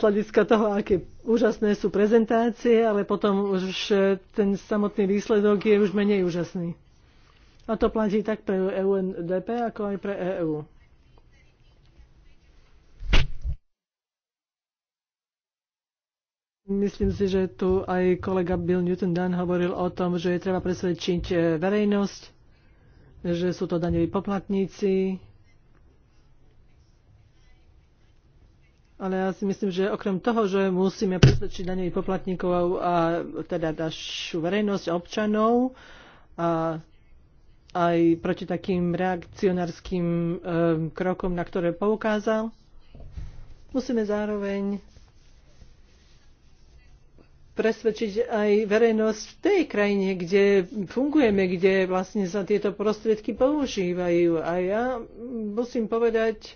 Sladiska toho, aké úžasné sú prezentácie, ale potom už eh, ten samotný výsledok je už menej úžasný. A to platí tak pre EUNDP, ako aj pre EÚ. Myslím si, že tu aj kolega Bill Newton Dunn hovoril o tom, že je treba presvedčiť e, verejnosť, že sú to daňoví poplatníci. Ale ja si myslím, že okrem toho, že musíme presvedčiť daňových poplatníkov a teda našu verejnosť občanov a aj proti takým reakcionárským eh, krokom, na ktoré poukázal. Musíme zároveň presvedčiť aj verejnosť v tej krajine, kde fungujeme, kde vlastne sa tieto prostriedky používajú. A ja musím povedať,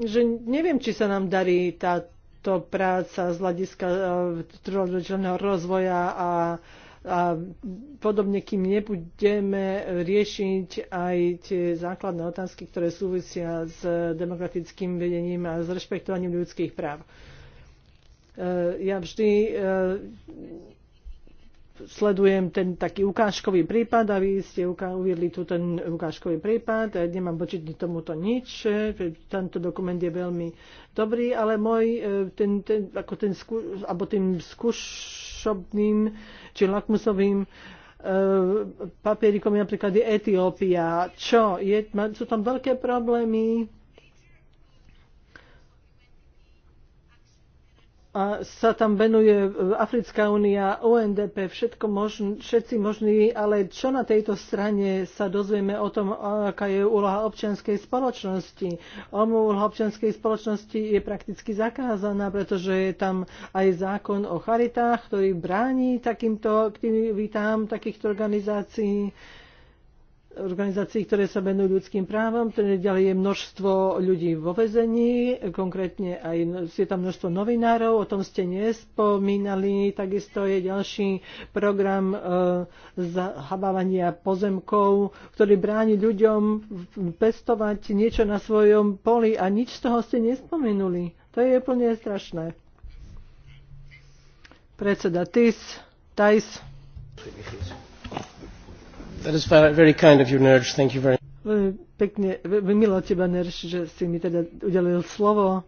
že neviem, či sa nám darí táto práca z hľadiska eh, trojročného rozvoja a a podobne, kým nebudeme riešiť aj tie základné otázky, ktoré súvisia s demokratickým vedením a s rešpektovaním ľudských práv. E, ja vždy e, sledujem ten taký ukážkový prípad a vy ste uviedli tu ten ukážkový prípad. Ja e, nemám počiť tomuto nič. E, tento dokument je veľmi dobrý, ale môj e, ten, ten, ako ten, alebo tým skúšobným či lakmusovým papierikom napríklad je Etiópia. Čo? Je, sú tam veľké problémy sa tam venuje e, Africká únia, ONDP, všetko možn, všetci možní, ale čo na tejto strane sa dozvieme o tom, aká je úloha občianskej spoločnosti? Úloha občianskej spoločnosti je prakticky zakázaná, pretože je tam aj zákon o charitách, ktorý bráni takýmto aktivitám takýchto organizácií. Uh, organizácií, ktoré sa venujú ľudským právom. Ďalej je množstvo ľudí vo vezení, konkrétne aj je tam množstvo novinárov, o tom ste nespomínali. Takisto je ďalší program e, zahabávania pozemkov, ktorý bráni ľuďom pestovať niečo na svojom poli a nič z toho ste nespomenuli. To je úplne strašné. Predseda TIS, TAIS. That is very kind of you, Nerj. Thank you very much. Veľmi pekne, veľmi milo teba, Nerž, že si mi teda udelil slovo.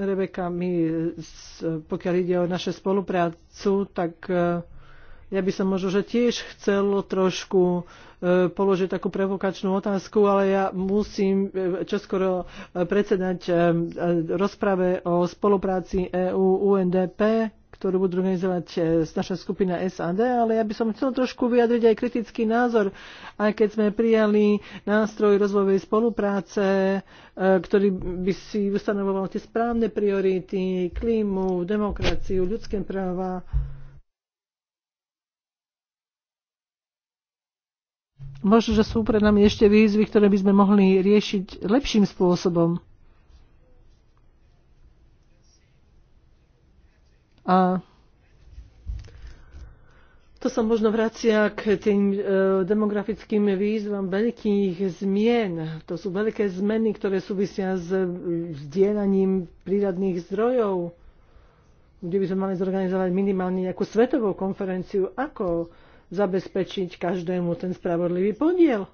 Rebeka, my, e, e, pokiaľ ide o naše spoluprácu, tak e, ja by som možno, že tiež chcel trošku položiť takú provokačnú otázku, ale ja musím čoskoro predsedať rozprave o spolupráci EU-UNDP ktorú budú organizovať e, naša skupina SAD, ale ja by som chcel trošku vyjadriť aj kritický názor, aj keď sme prijali nástroj rozvojovej spolupráce, e, ktorý by si ustanovoval tie správne priority, klímu, demokraciu, ľudské práva. Možno, že sú pre nami ešte výzvy, ktoré by sme mohli riešiť lepším spôsobom. A to sa možno vracia k tým e, demografickým výzvam veľkých zmien. To sú veľké zmeny, ktoré súvisia s vzdielaním prírodných zdrojov, kde by sme mali zorganizovať minimálne nejakú svetovú konferenciu, ako zabezpečiť každému ten spravodlivý podiel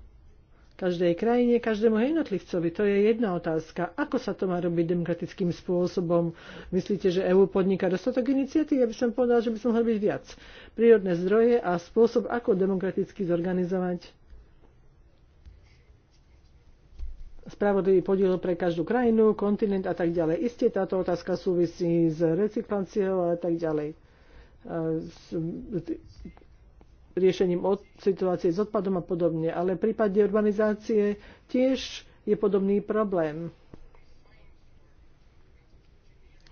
každej krajine, každému jednotlivcovi. To je jedna otázka. Ako sa to má robiť demokratickým spôsobom? Myslíte, že EÚ podniká dostatok iniciatív? Ja by som povedal, že by som mohol byť viac. Prírodné zdroje a spôsob, ako demokraticky zorganizovať spravodlivý podiel pre každú krajinu, kontinent a tak ďalej. Isté táto otázka súvisí s recykláciou a tak ďalej riešením od situácie s odpadom a podobne. Ale v prípade urbanizácie tiež je podobný problém.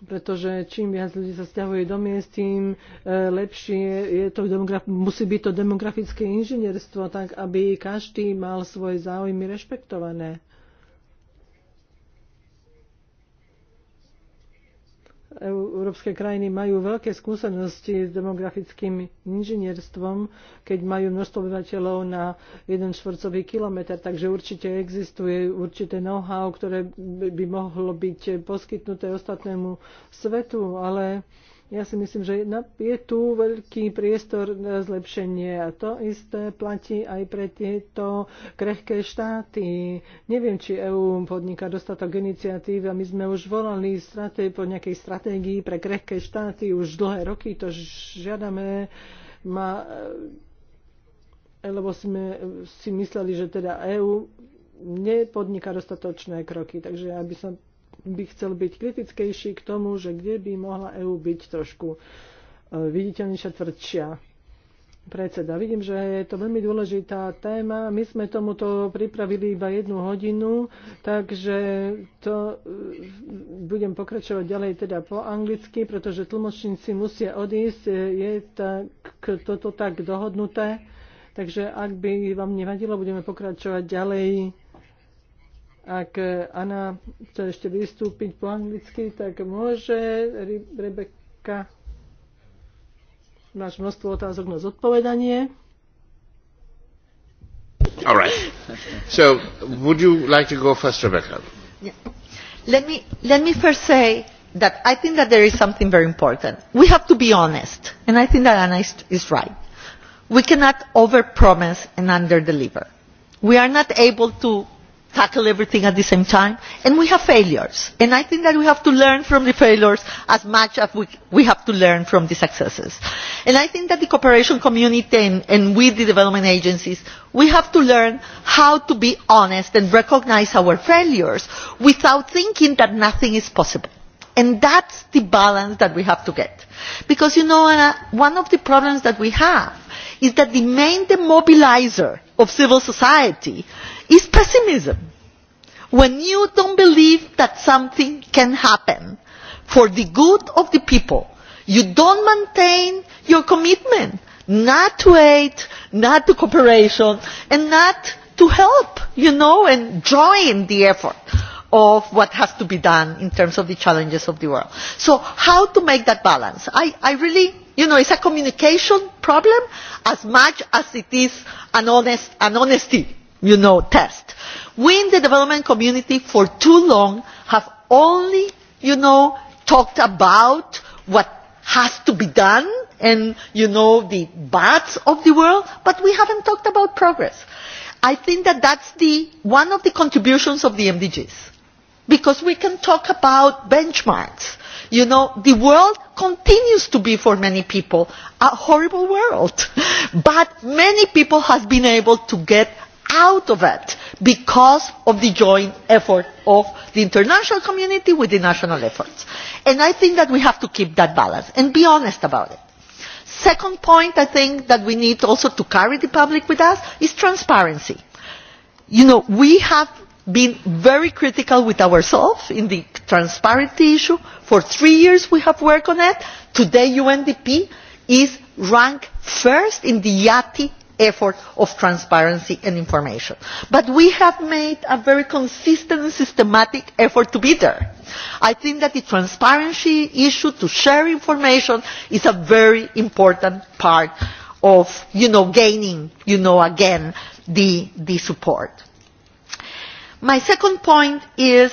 Pretože čím viac ľudí sa stiahuje do miest, tým e, lepšie je to musí byť to demografické inžinierstvo, tak aby každý mal svoje záujmy rešpektované. Európske krajiny majú veľké skúsenosti s demografickým inžinierstvom, keď majú množstvo obyvateľov na jeden štvorcový kilometr, takže určite existuje určité know-how, ktoré by mohlo byť poskytnuté ostatnému svetu, ale ja si myslím, že je tu veľký priestor na zlepšenie a to isté platí aj pre tieto krehké štáty. Neviem, či EÚ podniká dostatok iniciatív a my sme už volali straté, po nejakej stratégii pre krehké štáty už dlhé roky, to žiadame. Ma, e, lebo sme si mysleli, že teda EÚ nepodniká dostatočné kroky. Takže ja by som by chcel byť kritickejší k tomu, že kde by mohla EÚ byť trošku e, viditeľnejšia, tvrdšia predseda. Vidím, že je to veľmi dôležitá téma. My sme tomuto pripravili iba jednu hodinu, takže to e, budem pokračovať ďalej teda po anglicky, pretože tlmočníci musia odísť. E, je tak, toto tak dohodnuté. Takže ak by vám nevadilo, budeme pokračovať ďalej ak Anna chce ešte vystúpiť po anglicky, tak môže. Rebeka, máš množstvo otázok na zodpovedanie. All right. So, would you like to go first, Rebecca? Yeah. Let me, let me first say that I think that there is something very important. We have to be honest, and I think that Anna is, is right. We cannot overpromise and underdeliver. We are not able to tackle everything at the same time and we have failures and i think that we have to learn from the failures as much as we, we have to learn from the successes and i think that the cooperation community and, and with the development agencies we have to learn how to be honest and recognise our failures without thinking that nothing is possible and that's the balance that we have to get because you know Anna, one of the problems that we have is that the main demobilizer of civil society is pessimism. When you don't believe that something can happen for the good of the people, you don't maintain your commitment not to aid, not to cooperation, and not to help, you know, and join the effort of what has to be done in terms of the challenges of the world. So how to make that balance? I, I really, you know, it's a communication problem as much as it is an, honest, an honesty you know test. We in the development community for too long have only, you know, talked about what has to be done and, you know, the bads of the world, but we haven't talked about progress. I think that that's the, one of the contributions of the MDGs. Because we can talk about benchmarks. You know, the world continues to be for many people a horrible world. [LAUGHS] But many people have been able to get out of it because of the joint effort of the international community with the national efforts. And I think that we have to keep that balance and be honest about it. Second point I think that we need also to carry the public with us is transparency. You know, we have been very critical with ourselves in the transparency issue. For three years we have worked on it. Today UNDP is ranked first in the YATI effort of transparency and information. But we have made a very consistent and systematic effort to be there. I think that the transparency issue to share information is a very important part of, you know, gaining, you know, again, the, the support. My second point is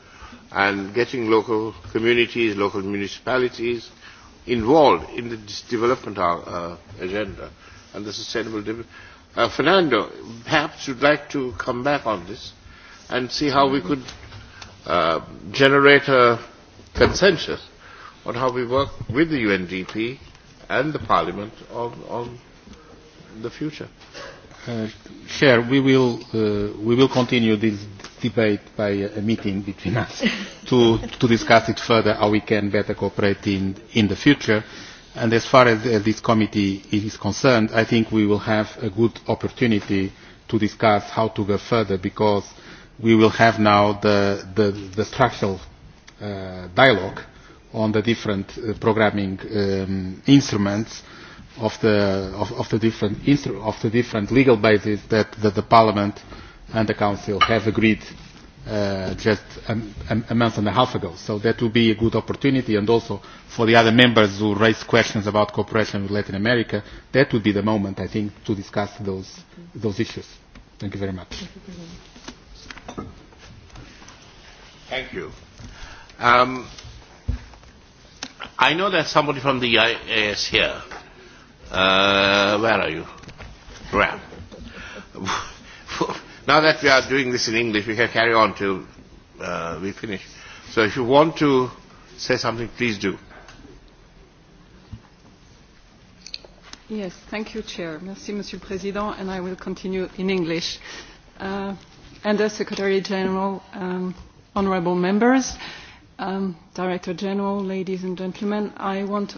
and getting local communities, local municipalities involved in the development uh, agenda and the sustainable development. Uh, Fernando, perhaps you'd like to come back on this and see how we could uh, generate a consensus on how we work with the UNDP and the Parliament on, on the future. Uh, we will, uh, we will continue this debate by a meeting between us [LAUGHS] to, to discuss it further, how we can better cooperate in, in the future. And as far as, as this committee is concerned, I think we will have a good opportunity to discuss how to go further because we will have now the, the, the structural uh, dialogue on the different uh, programming um, instruments of the, of, of the, different, of the different legal bases that, that the Parliament and the Council have agreed uh, just a, a month and a half ago. So that will be a good opportunity and also for the other members who raise questions about cooperation with Latin America, that would be the moment, I think, to discuss those, those issues. Thank you very much. Thank you. Um, I know that somebody from the IAS here. Uh, where are you? Well, [LAUGHS] now that we are doing this in English, we can carry on till uh, we finish. So if you want to say something, please do. Yes, thank you, Chair. Merci, Monsieur le Président, and I will continue in English. Uh, and the Secretary General, um, honourable members, um, Director General, ladies and gentlemen, I want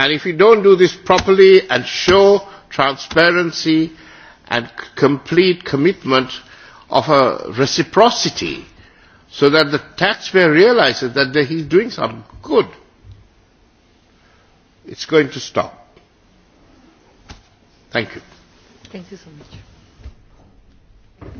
And if you don't do this properly and show transparency and complete commitment of a reciprocity so that the taxpayer realizes that he's doing some good, it's going to stop. Thank you. Thank you so much.